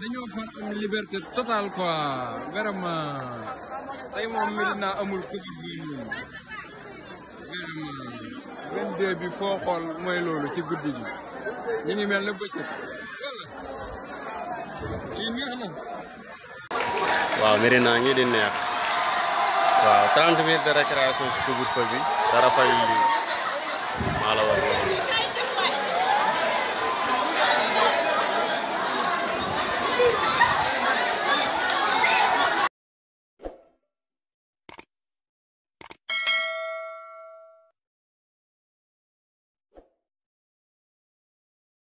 dañoo far am liberté totale quoi vraiment tey moom amul couvre-feu bi foo xool mooy loolu ci guddi gi ñu ngi mel ne bëccëg yàlla na. waaw Médina ngi di neex waaw 30 minutes de récréation si couvre-feu bi dara lii.